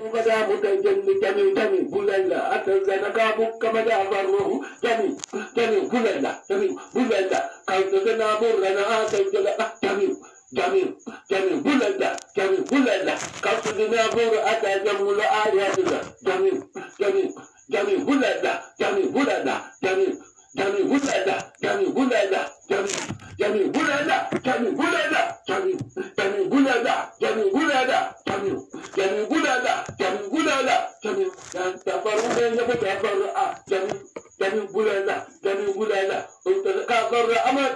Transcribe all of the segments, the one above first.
Kamadabu Tanjani Tami Tami Bulenda Atal Zanakabu Kamadabu Rohu Tami Tami Bulenda Tami Bulenda Kaito Zanabu Rana Atal Zanakabu Tami Tami Tami Bulenda Tami Bulenda Kaito Zanabu Atal Zanmula Ayatuna Tami Tami Tami Bulenda Tami Bulenda Tami Tami Bulenda Tami Bulenda Tami Tami Bulenda Tami Bulenda Tami Tami Bulenda Tami Bulenda Tami Tami Bulenda ẹgbẹ́ pẹ̀lú agbára a jẹni jẹni wúlẹ̀ la jẹni wúlẹ̀ la òtẹ̀lẹ̀ ká lọ́rọ̀ a máa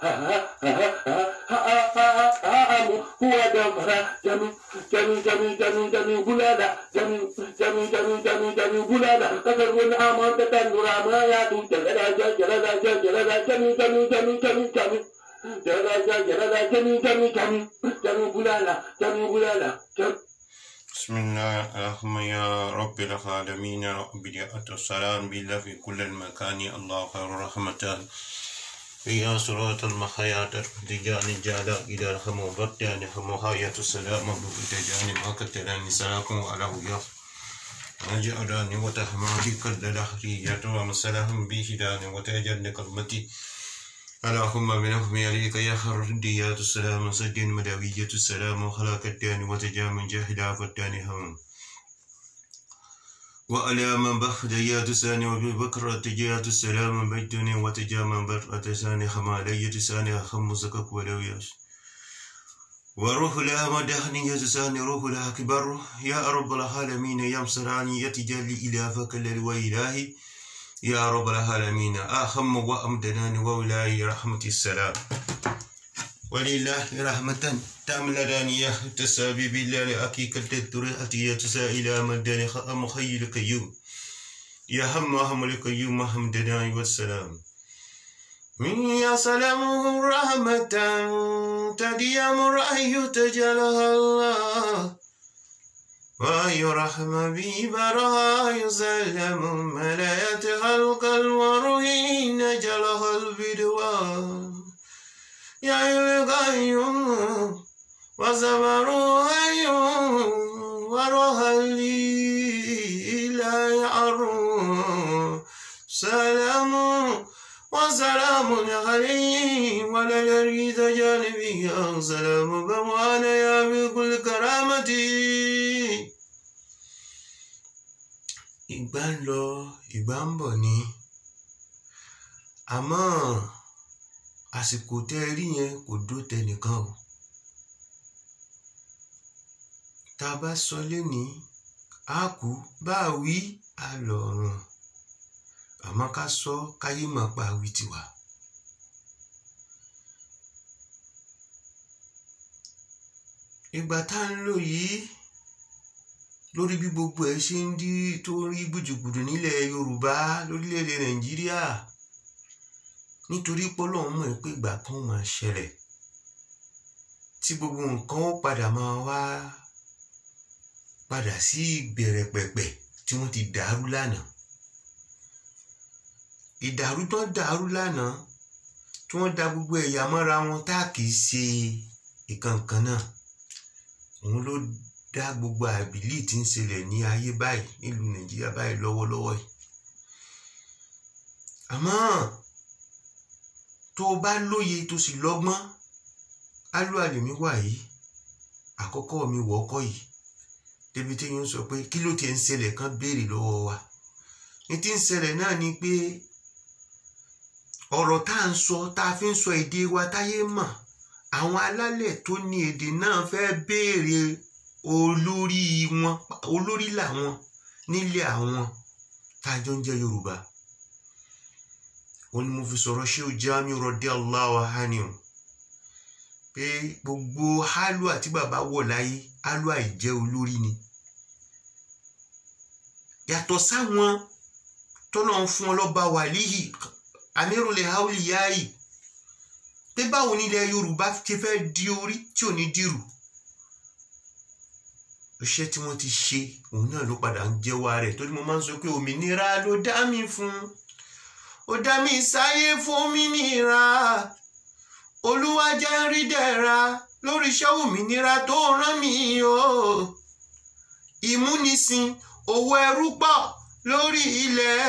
ha ha ha ha ha ha ha ha ha ha mu kúwà dà mara jẹni jẹni jẹni jẹni jẹni wúlẹ̀ la jẹni jẹni jẹni jẹni jẹni wúlẹ̀ la kẹsẹ̀ yà dùn jẹlẹ̀ la jẹ jẹlẹ̀ la jẹ jẹlẹ̀ la بسم الله اللهم يا رب العالمين رب السلام بالله في كل المكان الله خير رحمته يا صراط المحياة تجاني جالا إلى رحم وبرتان حياة السلام مبروك تجاني ما كتلاني سلاكم على وياه أجعلني وتحمى بك الدلحرية ومسلهم به داني وتجني كلمتي اللهم بنفهم يليك يا خر ديات السلام سجن مدوية السلام وخلاك الدان وتجام جاهدا عفدان هم وألا من بخ ديات ساني وفي بكرة تجيات السلام بجدني وتجام برأة ساني خمالية ساني خم زكك ولوياش وروح لها مدهني يا يزساني روح لها كبر يا رب العالمين يا مسراني يتجلي إلى فك الوإلهي يا رب العالمين أخم وأمدنان وولاي رحمة السلام ولله رحمة يا تسابي بالله حقيقة الدرية تسائل مدن مخيل القيوم يا هم هم القيوم هم دناي والسلام يا سلامه رحمة تديم رأي تجلها الله وأي رحمة بي براها يسلم ملايات خلق الورهين جل خلف يا القيوم وزبر غيوم وروح لي لا يعرو سلام وسلام عليه ولا يريد جانبي سلام بوار ìgbà ń lọ ìgbà ń bọ̀ ni àmọ́ àsìkò tẹ́ rí yẹn kò dó tẹnìkan o tá a bá sọ lénìí a kú bá a wí a lọ ọ̀run àmọ́ ká sọ káyé máa pa àwí tiwa. ìgbà tá a ń lò yìí lórí bí gbogbo ẹ̀ ṣe ń dí tó ń rí gbùdùgbùdù nílẹ̀ yorùbá lórílẹ̀‐èdè nàìjíríà nítorí pọ́lọ́ mọ̀ pé ìgbà kan máa ṣẹlẹ̀ tí gbogbo nǹkan ó padà máa wá padà sí ìbẹ̀rẹ̀ tí wọ́n ti dàrú lánàá ìdàrú tán dàrú lánàá tí wọ́n da gbogbo ẹ̀yà mọ́ra wọn tá a kì í ṣe ìkankan náà òun ló dá gbogbo àbílí tí ń ṣẹlẹ̀ ní ayé báyìí nílùú nàìjíríà báyìí lọ́wọ́lọ́wọ́ yìí àmọ́ tó o bá lóye tó sì lọ́gbọ́n alúwàlè mi wà yìí àkọ́kọ́ mi wọ̀ ọkọ yìí débi tí yóò sọ pé kí ló ti ń ṣẹlẹ̀ kan béèrè lọ́wọ́ wa ní ti ń ṣẹlẹ̀ náà ni pé ọ̀rọ̀ tá à ń sọ tá a fi ń sọ èdè wa táyé mọ̀ àwọn alálẹ̀ tó ní èdè náà fẹ́ béèrè olórí wọn olórí làwọn nílé àwọn tá a jọ ń jẹ́ Yorùbá òun ni mo fi sọ̀rọ̀ ṣé o Jamiu radiyallahu anhu pé gbogbo hálùwà tí bàbá wọ̀ láyé hálùwà ìjẹ́ olórí ni yàtọ̀ sáwọn tọ́nà ń fún ọlọ́ba wàlíhì amírùlé haúlì yáàyè pé báwo nílẹ̀ Yorùbá ṣe fẹ́ di orí tí ò ní dìrù iṣẹ́ tí wọ́n ti ṣe òun náà ló padà ń jẹ́wọ́ rẹ̀ torí mo máa ń sọ pé òmìnira ló dá mi fún ó dá mi sáyé fún òmìnira olúwa jẹ́ ń rí dẹ̀ra lórí iṣẹ́ òmìnira tó rán mi o ìmúnisìn òwò ẹrú pọ̀ lórí ilẹ̀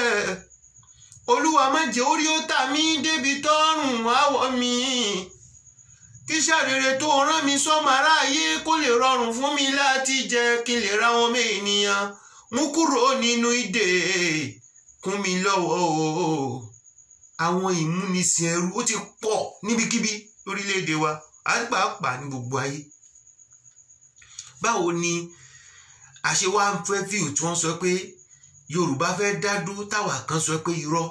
olúwa má jẹ́ orí ó tà mí débi tọ́rùn àwọ̀ mi kíṣà rere tó rán mi sọ́mọ aráyé kó lè rọrùn fún mi láti jẹ kí n lè ra wọn mé ènìyàn mú kúrò nínú ìdè kún mi lọ́wọ́ o àwọn ìmúnisìn ẹrú ó ti pọ̀ níbikíbi lórílẹ̀‐èdè wa pàápàá ní gbogbo ayé báwo ni àṣewá fẹ́ fíìl tí wọ́n sọ pé Yorùbá fẹ́ dá dúró táwa kan sọ pé irọ́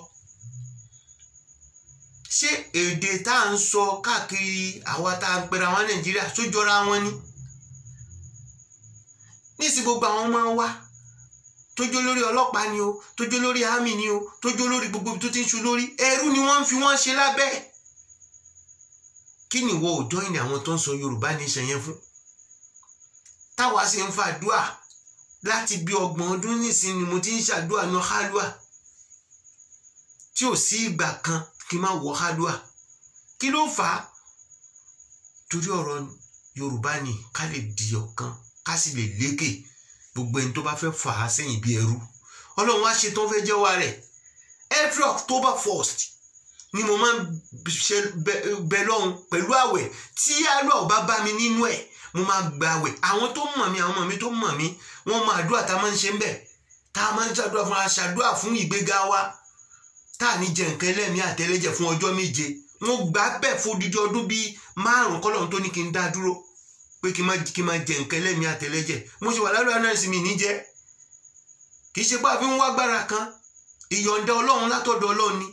ṣé èdè tá à ń sọ káàkiri àwa tá à ń pera wọn nàìjíríà tó jọra wọn ni níìsí gbogbo àwọn ọmọ wa tójó lórí ọlọ́pàá ni o tójó lórí àmì ni o tójó lórí gbogbo tó ti ń ṣu lórí ẹrú ni wọ́n ń fi wọ́n ṣe lábẹ́ kí ni ìwọ ò jọ́yìn àwọn tó ń sọ yorùbá nation yẹn fún táwa sì ń fàdúà láti bí ọgbọ̀n ọdún nísìnyí mo ti ń ṣàdúà náà hálùwà tí ò sí ìgbà kan kí n má wọ hádùá kí ló fà á torí ọ̀rọ̀ yorùbá ni ká lè di ọ̀kan ká sì lè lékè gbogbo ẹni tó bá fẹ́ fà á sẹ́yìn bí ẹrú ọlọ́run á ṣe tán fẹ́ jẹ́wọ́ rẹ̀ every october first ni mo máa ń ṣe bẹ lọ́hùn pẹ̀lú àwẹ̀ tí àlọ́ bá bá mi nínú ẹ̀ mo máa gba àwẹ̀ àwọn tó mọ̀ mí àwọn ọmọ mi tó mọ̀ mí wọ́n mọ àdúrà tá a máa ń ṣe ń bẹ̀ tá a máa ń ṣàdúrà fún aṣàdúrà fún ìgbéga wa tá à ní jẹ nǹkan ẹlẹ́mìí àtẹlẹ́jẹ̀ fún ọjọ́ méje wọ́n gbà bẹ́ẹ̀ fodidi ọdún bíi márùn kọ́lọ́n tó ní kí n dá dúró pé kí n má kí n má jẹ nǹkan ẹlẹ́mìí àtẹlẹ́jẹ̀ mo ṣe wà lálẹ́ àná ìsinmi níjẹ́ kì í ṣe pé àfi ń wá gbára kan ìyọ̀ǹda ọlọ́run látọ̀dọ̀ ọlọ́run ni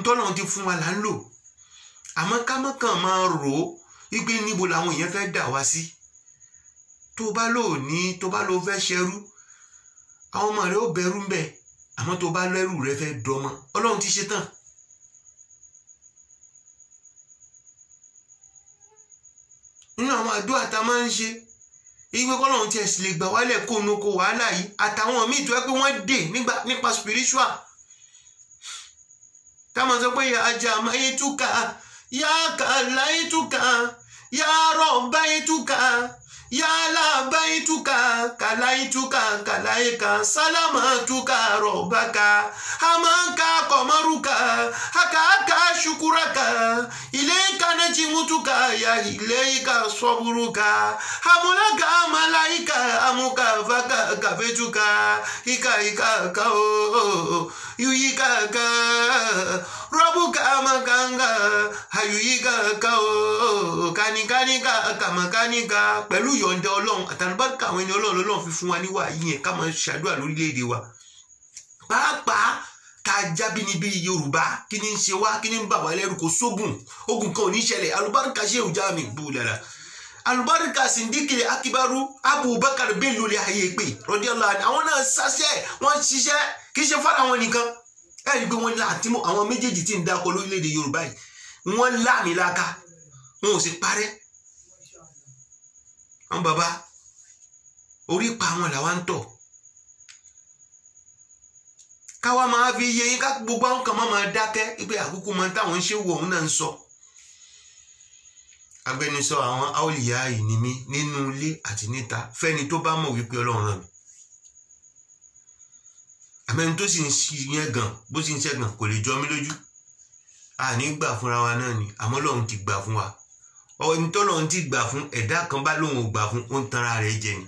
ntọ́lọ́run ti fún wa là ń lò àmọ́ ká mọ́ kàn máa rò ó wípé níbo làwọn èèyàn fẹ́ dà wá sí tó bá lò ní tó bá lò fẹ́ ṣerú àwọn ọmọ rẹ ó bẹ̀rù ń bẹ̀ẹ́ àmọ́ tó bá lẹ́rù rẹ fẹ́ dọmọ ọlọ́run ti ṣe tán. nínú àwọn àdúrà tá a máa ń ṣe ìwé kọ́lọ́run tiẹ̀ sì lè gbà wálẹ̀ kó nu kó wàhálà yìí àtàwọn míì tó yẹ pé wọ́n dè nípa spiritual táwọn sọ pé ya ajá àmọ́ yìí túkà yà kà láyé túkà yà rọ̀ báyìí túkà yala baituka kalaituka kalaika salamatuka robaka hamanka komaruka hakaka shukuraka ile nachimutuka ya ileika hamula hamulaka malaika amuka vaka kavetuka ikaikakao yuyikaka rabuka makanga hayuyikakao kanikanika kamakanika pẹ̀lú yọ̀ǹda ọlọ́run àtàlùbáríkà àwọn ẹni ọlọ́run lọ́lọ́run fi fún wa níwà yìí yẹn ká máa ṣàdúrà lórílẹ̀‐èdè wa pàápàá tá a jábí níbi yorùbá kí ni ń ṣe wá kí ni ń bà wá lẹ́rù kò sógun ogun kan ò ní ṣẹlẹ̀ alùbáríkà ṣe òjá mi bù lára alùbáríkà sìndíkì akibaru abubakar bello lè ayé pé rọdíọ́lá àwọn náà ṣaṣẹ́ wọ́n ṣiṣẹ́ kì í ṣe fara wọn nìkan ẹ̀rí pé wọ́n ní àtìmọ́ àwọn méjèèjì tí ń dákọ lórílẹ̀‐èdè yorùbá yìí wọ́n láàmì láka wọn ò sì parẹ́ àwọn bàbá orí pa àwọn làwa ń tọ̀ káwa máa fi yé yín ká gbogbo àwọn kan máa dákẹ́ ipe àkókò máa táwọn ń ṣe wò òun náà ń sọ. agbẹnusọ àwọn aoliya yìí ni mí nínú ilé àti níta fẹ́ni tó bá mọ̀ wípé ọlọ́run mi. àmẹ́ni tó sì ń ṣiyẹn gan bó sì ń ṣe gan kò lè jọ mí lójú. àní gbà fúnra wa náà ni àmọ́ lọ́run ti gbà fún wa. ọ̀ọ́ni tọ́lọ́run ti gbà fún ẹ̀dá kan bá lóun ò gbà fún ó ń tanra rẹ̀ jẹ ni.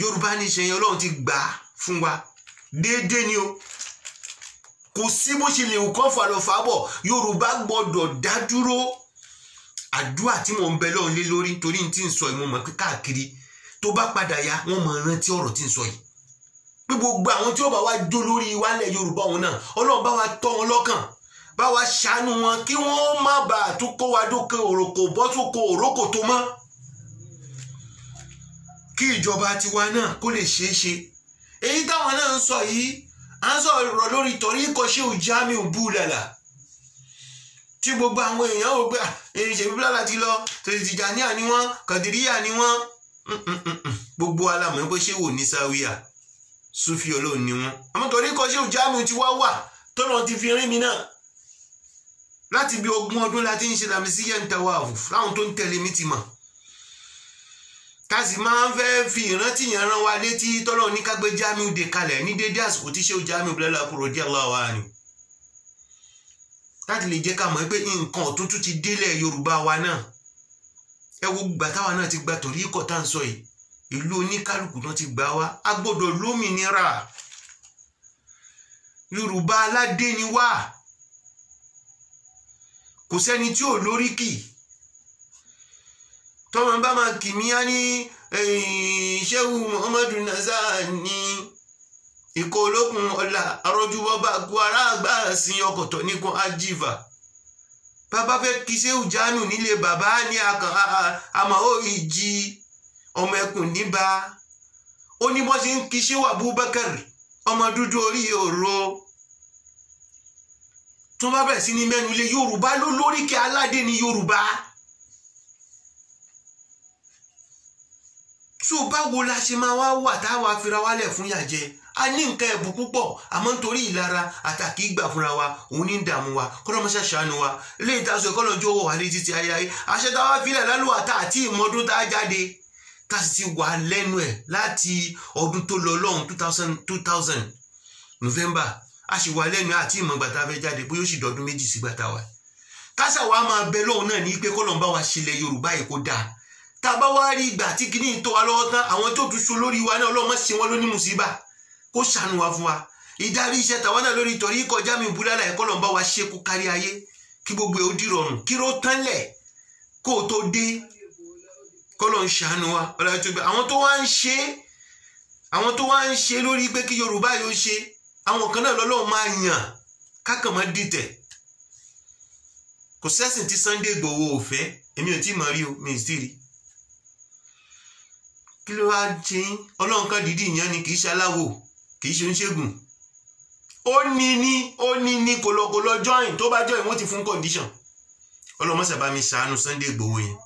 yorùbá ní ṣe yẹn ọlọ́run ti gbà á fún wa déédéé ni o kò sí bó ṣe lè kọ́ fàlọ́fàbọ̀ yorùbá gbọ́dọ̀ dá dúró àdúrà tí mò ń bẹ lọ́run lé lórí torí tí ń sọ yìí mo mọ̀ pé káàkiri tó bá padà ya wọ́n mọ̀ rántí ọ̀rọ̀ tí ń sọ yìí pé gbogbo àwọn tí ó bá wá jó lórí wálẹ̀ yorùbá wọn náà ọlọ́run bá wa tọ́ wọn lọ́kàn bá wa ṣàánú wọn kí wọ́n má bàa tún kó wa dókè òròkò bọ́ tún kó òrókò tó mọ́ kí ìjọba tiwa náà kó lè ṣeé ṣe èyí táwọn náà ń sọ yìí à ń sọ ọ̀rọ̀ lórí ìtọ́rí ìkọ́ṣe òjàmì òbúlàlà tí gbogbo àwọn èèyàn wò pé ah, èyí ṣèbí búlàlà ti lọ Tìjàníyà ni wọ́n Kàdìríyà ni wọ́n gbogbo alamọ̀ pé ṣé wò ní sáwíà Súfì olóòn ni wọ́n àmọ́ torí ìkọ́ṣe òjàmì ti wá wà tọ́nà ti fi rí mi náà láti bí ogún ọdún láti ń ṣe làmì sí yẹn ń tẹ̀wá àwùf tó ń tẹ̀lé mi ti mọ̀ tá a sì máa ń fẹ́ fi ìrántí yẹn rán wa létí tọ́lọ́ ní kágbé Jamiu de kalẹ̀ ní dédé àsìkò tí Shehu Jamiu Bilal radiyallahu anhu láti lè jẹ́ ká mọ̀ pé nǹkan ọ̀túntún ti délẹ̀ Yorùbá wa náà ẹ wo gbà táwa náà ti gba torí ikọ̀ tá à ń sọ yìí ìlú oníkálukú náà ti gbà wá a gbọ́dọ̀ lómìnira Yorùbá aládé ni wá kò sẹ́ni tí ò lóríkì tọ́mọ bá máa kì mí á ní ṣéwù muhammadu Nazani ìkó olókun ọ̀la àrọ́júbọ́bá ku aráàgbá sin ọkọ̀tọ̀ nìkan ajíva bàbá fẹ́ kí ṣéwù jánù nílé bàbá ní akàn àmàó ìjì ọmọ ẹkùn níbà ó ní bọ́n ṣe ń kí ṣéwù Abubakar ọmọ dúdú orí òro tó bá bẹ̀rẹ̀ sí ní mẹ́nu lé Yorùbá ló lóríkẹ́ aládé ní Yorùbá. so báwo la ṣe máa wá wà táwa fira wálẹ̀ fún yàjẹ́ a ní nǹkan ẹ̀bùn púpọ̀ àmọ́ nítorí ìlara àtàkì ìgbà fúnra wa òun ní dààmú wa kọ́lọ́mọṣẹ́ ṣàánú wa léyìí tá a sọ ìkọ́lọ́jọ́ wọ̀ wá létí ti ayáyé àṣẹ táwa filẹ̀ lálùwà tá àti ìmọ̀dún tá a jáde tá a sì ti wà lẹ́nu ẹ̀ láti ọdún tó lọ lọ́hùn two thousand two thousand November a sì wà lẹ́nu àti ìmọ̀gbà tá a fẹ́ jáde bóyá ó sì dọ́dún méjì sígbà tá a wà kásà wa máa bẹ lọ́hùn náà ní pé kọ́lọ́mbà wa ṣílẹ̀ Yorùbá yìí tá a bá wá rí ìgbà tí kìíní tó wa lọ́wọ́ tán àwọn tó tún so lórí wa náà ọlọ́mọ ṣe wọ́n lóní mùsíbà kó ṣàánú wa fún wa ìdarí iṣẹ́ tàwọn náà lórí ìtọ́rí kọjá mi búlára ẹ̀kọ́ lọ́nba wa ṣe kó kárí ayé kí gbogbo ẹ̀ ó dìrọ̀rùn kí ló tán lẹ̀ kó o tó dé kọ́ lọ́n ṣàánú wa ọ̀là tó gbé àwọn tó wá ń ṣe àwọn tó wá ń ṣe lórí pé kí Yorùbá yóò ṣe àwọn kan náà lọ́lọ́ máa yàn kákàn máa dìtẹ̀ kò sẹ́sìn tí Sunday Igboho ò fẹ́ èmi ò tí ì mọ̀ rí o mi ì sì rí i kí ló wáá ṣe ń ọlọ́run kan dìídì yan ni kì í ṣe aláwò kì í ṣe oníṣègùn ó ní ní ó ní ní kọlọkọlọ join tó bá join wọ́n ti fún condition ọlọ́mọ sábà mi ṣàánú Sunday Igboho yẹn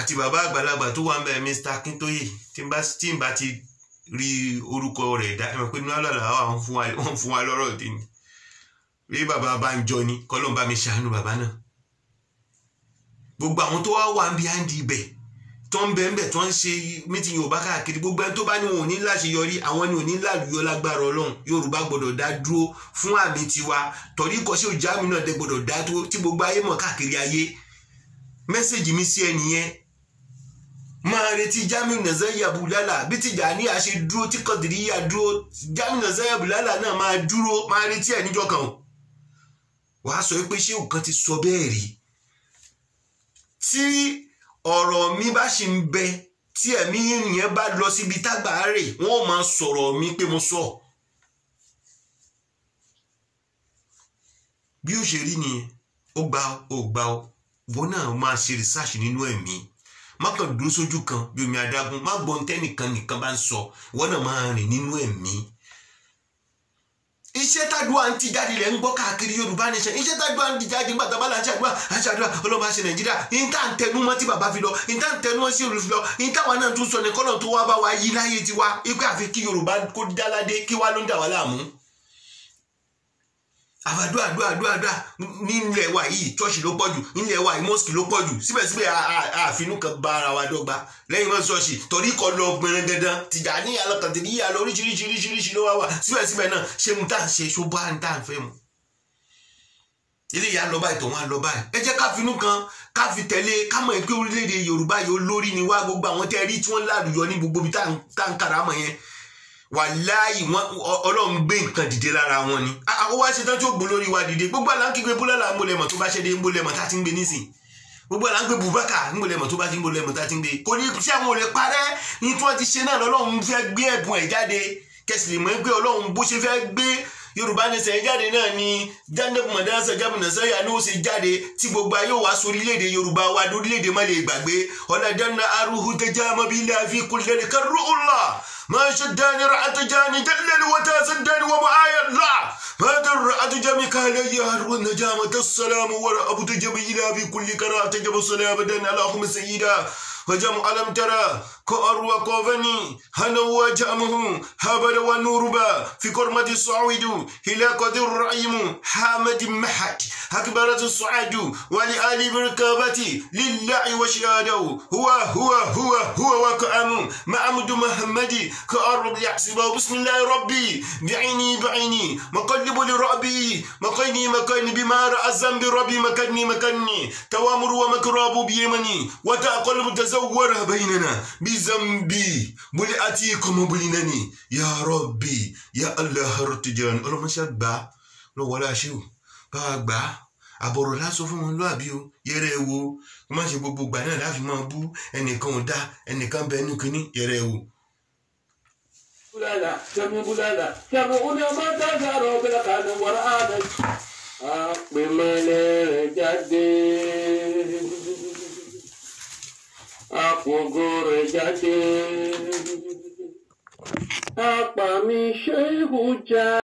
àti bàbá àgbàlagbà tó wà ń bẹ Mr. Akintoye tí n bá tí n bá ti rí orúkọ rẹ̀ dá ẹ mọ̀ pé níwájú àlàá wà fún wa lọ́rọ̀ dín ní rí bàbá Banjo ni kọ́lọ́n bá mi ṣàánú bàbá náà gbogbo àwọn tó wá wà ń bí àǹdí ibẹ̀ tó ń bẹ̀ẹ̀ tó ń ṣe mítìn yorùbá káàkiri gbogbo ẹni tó bá ní wọn ò ní láṣeyọrí àwọn ni ò ní lálùyọ lágbára ọlọ́run yorùbá gbọ́dọ̀ dá dúró fún àmì tiwa torí kọ́ṣẹ́ òjá mi náà dẹ gbọ́dọ̀ dá dúró tí gbogbo ayé mọ̀ káàkiri ayé mẹ́sẹ̀gì mi sí ẹnìyẹn máa retí Jamiu Naziru Abubakar bí Tijani àṣẹ dúró tí Kadiriya dúró Jamiu Naziru Abubakar náà máa dúró máa retí ẹ̀ níjọ́ kan wàá sọ pé ṣé òkan ti sọ bẹ́ẹ̀ rí tí ọ̀rọ̀ mi bá ṣì ń bẹ tí ẹ̀mí yẹn bá lọ síbi tágbà rè wọ́n ò máa sọ̀rọ̀ mi pé mo sọ. bí ó ṣe rí ni ó gba ó gba ó wọn náà máa ṣe rìsáàṣì nínú ẹ̀mí má kàn dúró sójú kan bí omi adágún má gbọ́n tẹ́nìkan nìkan bá ń sọ wọn náà máa rìn nínú ẹ̀mí iṣẹ́ tádùá ń ti jáde rẹ̀ ń gbọ́ káàkiri yorùbá nation iṣẹ́ tádùá ń ti jáde gbàtà bá láti àdúrà àti àdúrà ọlọ́mọ àṣẹ nàìjíríà níta ń tẹnu mọ́ tí bàbá fi lọ níta ń tẹnu mọ́ sí òru wa náà tún sọ ní wa yí láyé tiwa ipe àfi kí yorùbá kó àwọn àdúrà àdúrà àdúrà àdúrà nílẹ̀ wa yìí chọ́ọ̀ṣì ló pọ̀jù nílẹ̀ wa yìí mọ́sìkì ló pọ̀jù síbẹ̀síbẹ̀ àfinú kan bá ara wa dọ́gba lẹ́yìn mọ́ ṣọ́ọ̀ṣì torí kọ́ lọ gbẹ̀rẹ̀ dandan tìjà ní alọ́kàn tìdí yíya lọ oríṣiríṣi oríṣiríṣi ló wá wà síbẹ̀síbẹ̀ náà ṣé mu tá à ń ṣe ṣó bá ń tá à ń fẹ́ mu. ilé ìyá lọ báyìí tòun á lọ báyìí ẹ jẹ́ ká finú kan ká fi tẹ̀lé ká mọ̀ wàláyì wọn ọlọ́run gbé nǹkan dìde lára wọn ni àkọ́wá ṣe tán tí ó gbó lórí wa dìde gbogbo àlá ń kígbe bólálà ń bolẹ̀mọ̀ tó bá ṣe dé ń bolẹ̀mọ̀ tá a ti ń gbé nísìn gbogbo àlá ń gbé bùbákà ń bolẹ̀mọ̀ tó bá ti ń bolẹ̀mọ̀ tá a ti ń gbé kò ní tí àwọn olè parẹ́ ní tí wọ́n ti ṣe náà lọ́lọ́run fẹ́ gbé ẹ̀bùn ẹ̀ jáde kẹsì lè mọ̀ pé ọlọ́run bó ṣe fẹ́ gbé yorùbá nẹsẹ̀ ẹ̀ jáde náà ni jandẹ́kùnmọ̀ dáńsẹ̀ jábùnà sẹ́yà ni ó ṣe jáde tí gbogbo ayé wa sórílẹ̀-èdè yorùbá wa dórílẹ̀-èdè má lè gbàgbé ọ̀làdánná arúhùtẹ́jà mọ́bílẹ̀ àfikún lẹ́nìkan rúùlà ما شداني رعت جاني دلل وتاسداني ومعايا لا ما در أتجمي كالي هرون نجامة السلام ورا أبو تجمي إلى بكل كرات تجمي سلام على اللهم سيدا فجم ألم ترى كأروا كوفني هنا وجامه هبل ونوربا في كرمة الصعود هلا قدر رعيم حامد محك أكبرت الصعاد ولآل بركابتي لله وشهاده هو هو هو هو وكأم معمد محمد كأرب يحسب بسم الله ربي بعيني بعيني مقلب لربي مكاني مكاني بما رأى الذنب ربي مكاني مكاني توامر ومكراب بيمني وتأقلب تزور بيننا بي zambi boli ati kọmọ boli nani ya rabbi ya allah artijani ọlọmọṣẹ gbà lọ́wọ́ aláṣẹ o bá a gbà á àbọ̀rọ̀ lásán fún wọn lóàbí o yẹrẹ wo má ṣe gbogbo gbà náà láfi máa bú ẹnìkan ò ẹnìkan bẹ ẹnu kínní yẹrẹ wo. bulala tẹmu bulala tẹmu oní ọmọ dáadáa rọ bẹlẹ ká ló wọra àná. àpèmọlẹ rẹ jáde àpògo rẹ̀ apa Apàmì ṣéhù já.